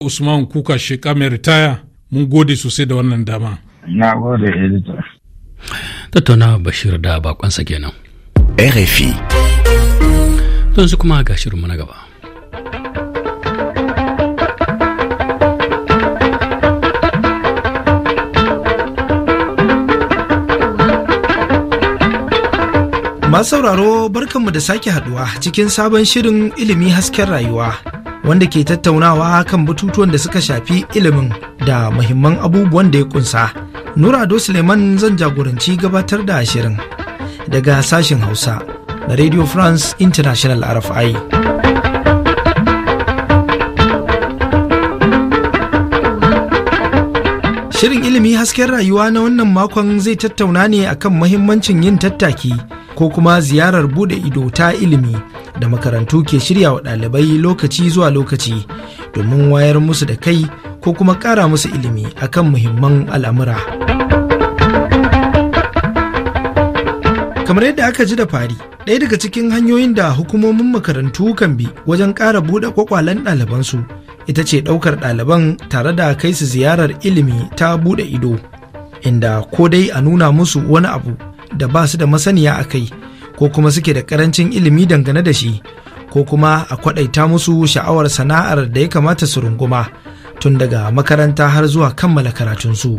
Usman Kuka Sheka mai ritaya mun gode sosai da wannan dama. Na gode editor. Tattauna Bashir da bakonsa kenan. RFI. su kuma ga shirinmu na gaba. Masu sauraro barkanmu da sake haduwa cikin sabon shirin ilimi hasken rayuwa wanda ke tattaunawa kan batutuwan da suka shafi ilimin da muhimman abubuwan da ya kunsa. Ado Suleiman zan jagoranci gabatar da ashirin, daga sashen Hausa Da Radio France International RFI. Shirin ilimi hasken rayuwa na wannan makon zai tattauna ne akan mahimmancin yin tattaki ko kuma ziyarar bude ido ta ilimi da makarantu ke shirya wa ɗalibai lokaci zuwa lokaci domin wayar musu da kai ko kuma ƙara musu ilimi akan muhimman al'amura. kamar yadda aka ji da fari ɗaya daga cikin hanyoyin da hukumomin makarantu kan bi wajen ƙara buɗe kwakwalen ɗalibansu ita ce ɗaukar ɗaliban tare da kai su ziyarar ilimi ta buɗe ido inda ko dai a nuna musu wani abu da ba su da masaniya a kai ko kuma suke da karancin ilimi dangane da shi ko kuma a kwaɗaita musu sha'awar sana'ar da ya kamata su runguma tun daga makaranta har zuwa kammala karatunsu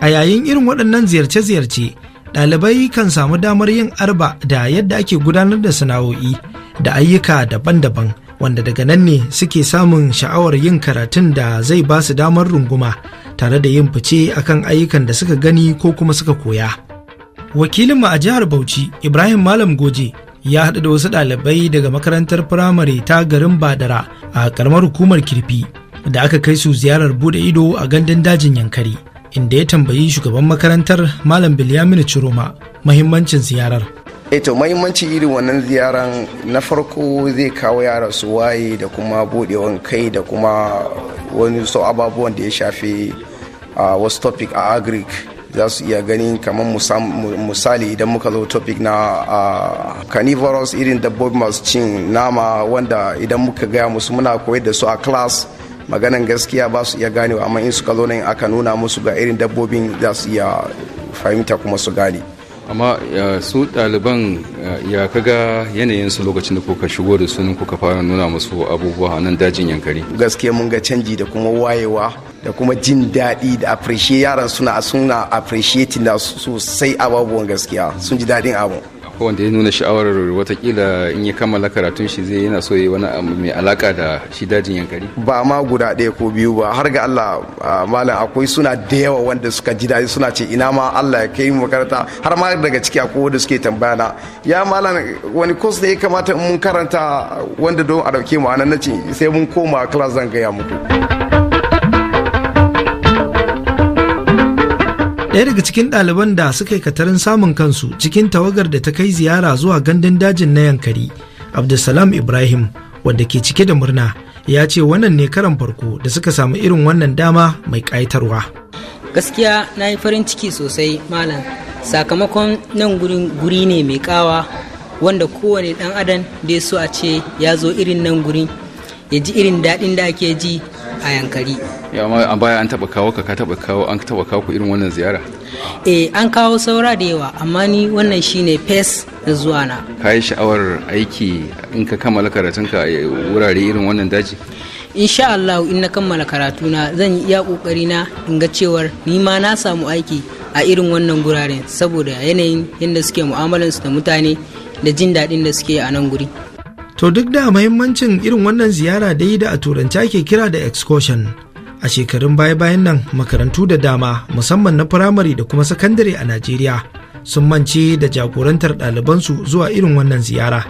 a yayin irin waɗannan ziyarce-ziyarce ɗalibai kan samu damar yin arba da yadda ake gudanar da sana'o'i da ayyuka daban-daban wanda daga nan ne suke samun sha'awar yin karatun da zai ba su damar runguma tare da yin fice akan ayyukan da suka gani ko kuma suka koya. wakilinmu a jihar bauchi ibrahim malam goje ya haɗu da wasu ɗalibai daga makarantar firamare ta garin badara a karamar hukumar kirfi da aka kai su ziyarar bude ido a gandun dajin yankari inda ya tambayi shugaban makarantar malam bilyaminu ciroma mahimmancin ziyarar e to mahimmancin irin wannan ziyaran na farko zai kawo yara su waye da kuma budewan kai da kuma wani so ababuwan da ya shafi ah, wasu topic a agric za su iya ganin kamar misali idan muka zo topic na carnivorous irin dabbobi masu cin nama wanda idan muka gaya musu muna koyar da su a class maganan gaskiya ba su iya ganewa amma in suka zo nan aka nuna musu ga irin dabbobin za su iya fahimta kuma su gane amma su ɗaliban ya kaga yanayin su lokacin da kuka shigo da sunan kuka fara nuna musu abubuwa nan dajin yankari gaskiya mun ga canji da kuma wayewa da kuma jin daɗi da appreciate yaran suna suna appreciating da sosai ababuwan gaskiya sun ji daɗin abu wanda ya nuna sha'awar watakila in ya kammala karatun shi zai yana so ya wani abu mai alaka da shi dajin yankari ba ma guda ɗaya ko biyu ba har ga Allah malam akwai suna da yawa wanda suka ji daɗi suna ce ina ma Allah ya kai makaranta har ma daga ciki akwai wanda suke tambaya na ya malam wani course ne ya kamata mun karanta wanda don a dauke mu anan nace sai mun koma class zan gaya muku ɗaya daga cikin ɗaliban da suka yi katarin samun kansu cikin tawagar da ta kai ziyara zuwa gandun dajin na yankari abdulsalam ibrahim wanda ke cike da murna ya ce wannan ne karan farko da suka samu irin wannan dama mai ƙayatarwa gaskiya na yi farin ciki sosai malam sakamakon nan guri ne mai kawa wanda kowane ɗan adam da ya so a ce ya zo irin nan guri ya ji irin daɗin da ake ji a yankari amma a baya an taba kawo ka taba kawo an taba kawo ku irin wannan ziyara eh an kawo saura da yawa amma ni wannan shine fes na zuwa na ka yi sha'awar aiki in ka kammala karatunka ka wurare irin wannan daji insha Allah in na kammala karatu na zan yi iya kokari na in ga cewar ni ma na samu aiki a irin wannan guraren saboda yanayin yadda suke mu'amalansu da mutane da jin daɗin da suke a nan guri To duk da mahimmancin irin wannan ziyara da yi da a turanci ake kira da excursion. A shekarun baya-bayan nan makarantu da dama musamman na firamare da kuma sakandare a Najeriya sun mance da jagorantar ɗalibansu zuwa irin wannan ziyara.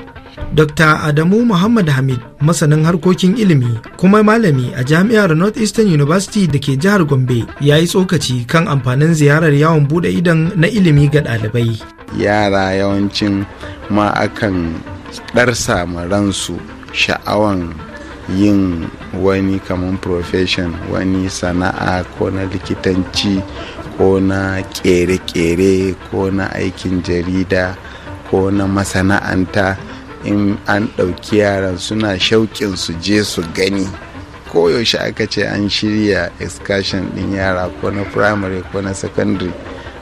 Dr. Adamu Muhammad Hamid masanin harkokin ilimi kuma malami a jami'ar Northeastern University da ke jihar Gombe ya yi tsokaci kan amfanin ziyarar yawon bude idon na ilimi ga ɗalibai. Yara yawancin ma akan dar ma ransu sha'awan yin wani kamar profession wani sana'a ko na likitanci ko na kere-kere ko na aikin jarida ko na masana'anta in an ɗauki yaran suna shauƙin su je su gani koyaushe aka ce an shirya excursion ɗin yara ko na primary ko na secondary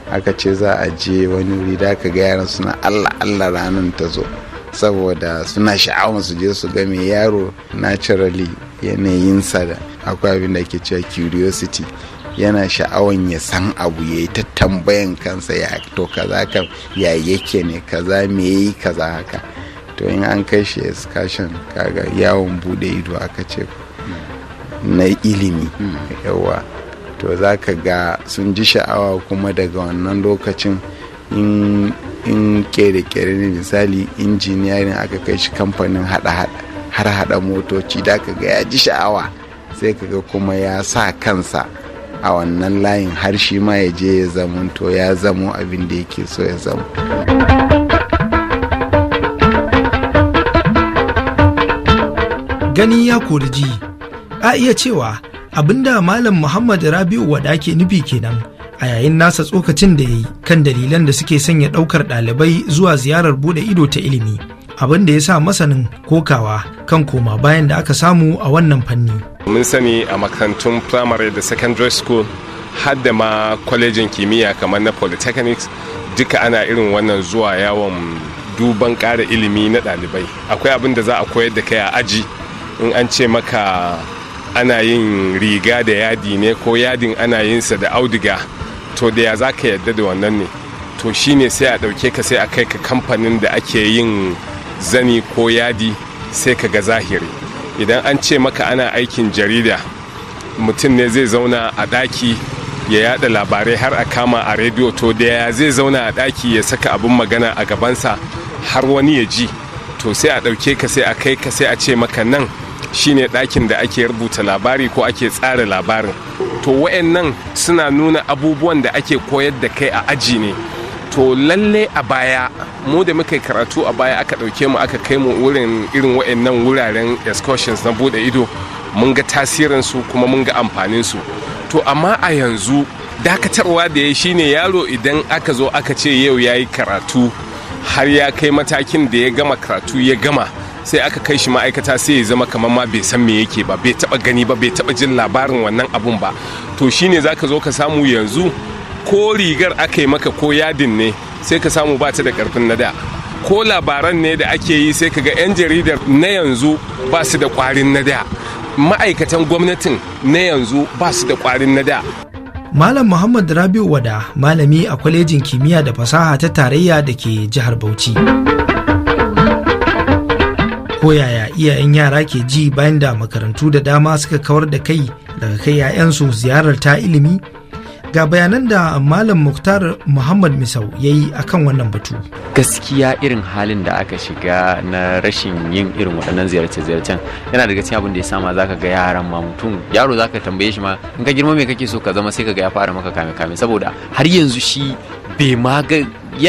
aka ce za a je wani wuri da ka ga yaran suna allah allah ranar ta zo saboda suna sha'awar su je su ga mai yaro naturally yanayinsa da akwai abin da ke cewa curiosity yana sha'awan ya san abu ya yi ta tambayan kansa ya to kaza kam ya yake ne kaza me yi kaza haka to in an kai shi excursion kaga yawon bude ido aka ce na ilimi yawa to za ka ga sun ji sha'awa kuma daga wannan lokacin in in kere-kere ne misali injiniyarin aka kai shi kamfanin har hada motoci da ka ga ya ji sha'awa sai ka ga kuma ya sa kansa a wannan layin har shi ma ya je ya to ya zamo abin da yake so ya zamo. gani ya kori ji a iya cewa abinda malam muhammad rabiu wada ke nufi kenan a yayin nasa tsokacin da ya yi kan dalilan da suke sanya ɗaukar ɗalibai zuwa ziyarar buɗe ido ta ilimi abin da ya sa masanin kokawa kan koma bayan da aka samu a wannan fanni. Mun sani a makarantun primary da secondary school har da ma kwalejin kimiyya kamar na polytechnics duka ana irin wannan zuwa yawon duban ƙara ilimi na ɗalibai. Akwai abin da za a koyar da kai a aji in an ce maka ana yin riga da yadi ne ko yadin ana yinsa da auduga to da ya za ka yadda da wannan ne to shi ne sai a ɗauke ka sai a kai ka kamfanin da ake yin zani ko yadi sai ka ga zahiri idan an ce maka ana aikin jarida mutum ne zai zauna a ɗaki ya yada labarai har a kama a rediyo to da ya zai zauna a ɗaki ya saka abin magana a gabansa har wani ya ji to sai a ɗauke ka sai a kai ka sai a ce maka nan shine ɗakin da ake rubuta labari ko ake tsara labarin to wayannan suna nuna abubuwan da ake koyar da kai a aji ne to lalle a baya mu da muka karatu a baya aka ɗauke mu aka kai mu wurin irin waɗannan wuraren excursions na bude ido mun ga tasirin su kuma mun ga amfanin su to amma a yanzu dakatarwa da ya shine yaro idan aka zo aka ce yau ya yi karatu har ya kai matakin da ya gama karatu ya gama sai aka kai shi ma'aikata sai ya zama kamar ma bai san me yake ba bai taba gani ba bai taba jin labarin wannan abun ba to shine zaka zo ka samu yanzu ko rigar aka yi maka ko yadin ne sai ka samu ba ta da karfin na da ko labaran ne da ake yi sai ka ga 'yan jaridar na yanzu ba su da kwarin na da ma'aikatan gwamnatin na yanzu ba su da kwarin na da Malam Muhammad Rabiu Wada malami a kwalejin kimiyya da fasaha ta tarayya da ke jihar Bauchi. koyaya iyayen yara ke ji bayan da makarantu da dama suka kawar da kai daga kai 'ya'yansu ziyarar ta ilimi ga bayanan da malam muktar muhammad misau ya yi akan wannan batu gaskiya irin halin da aka shiga na rashin yin irin waɗannan ziyarce-ziyarcen yana daga cikin abin da ya sama zaka ga yaran ma mutum yaro zaka tambaye shi ma in ka girma me kake so ka zama sai ka ga ya fara maka kame-kame saboda har yanzu shi bai ma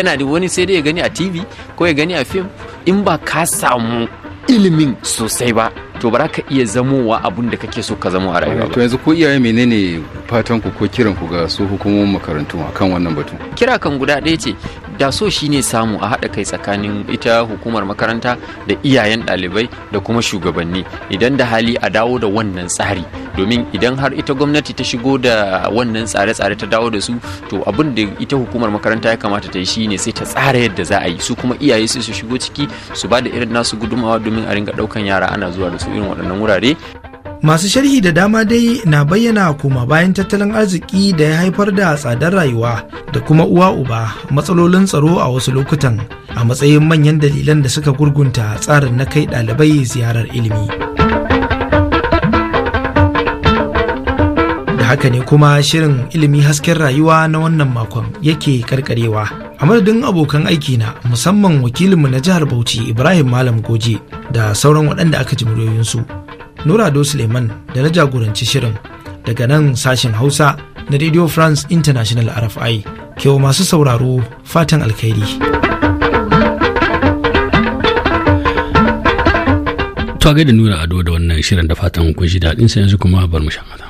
yana da wani sai dai ya gani a tv ko ya gani a fim in ba ka samu ilimin sosai ba to bara ka iya zamowa abun da kake so ka zamo a rayuwa to yanzu ko iyaye menene fatan ku ko kiran ku ga su hukumomin makarantu akan wannan batu kira kan guda ɗaya ce da so shine samu a haɗa kai tsakanin ita hukumar makaranta da iyayen ɗalibai da kuma shugabanni idan da hali a dawo da wannan tsari domin idan har ita gwamnati ta shigo da wannan tsare-tsare ta dawo da su to abin da ita hukumar makaranta ya kamata ta yi shine sai ta tsara yadda za a yi su kuma iyaye su shigo ciki su ba da irin nasu gudumawa domin a ringa ɗaukan yara ana zuwa da su su irin waɗannan wurare masu sharhi da dama dai na bayyana koma bayan tattalin arziki da ya haifar da tsadar rayuwa da kuma uwa uba matsalolin tsaro a wasu lokutan a matsayin manyan dalilan da suka gurgunta tsarin na kai ɗalibai ziyarar ilimi da haka ne kuma shirin ilimi hasken rayuwa na wannan makon yake karkarewa a madadin abokan aiki na musamman wakilinmu na jihar bauchi ibrahim malam goje da sauran waɗanda aka ji muryoyinsu nura do suleiman da na jagoranci shirin daga nan sashen hausa na radio france international rfi kewa masu sauraro fatan alkhairi to da nura ado da wannan shirin da fatan kun shi daɗin sai yanzu kuma bar mu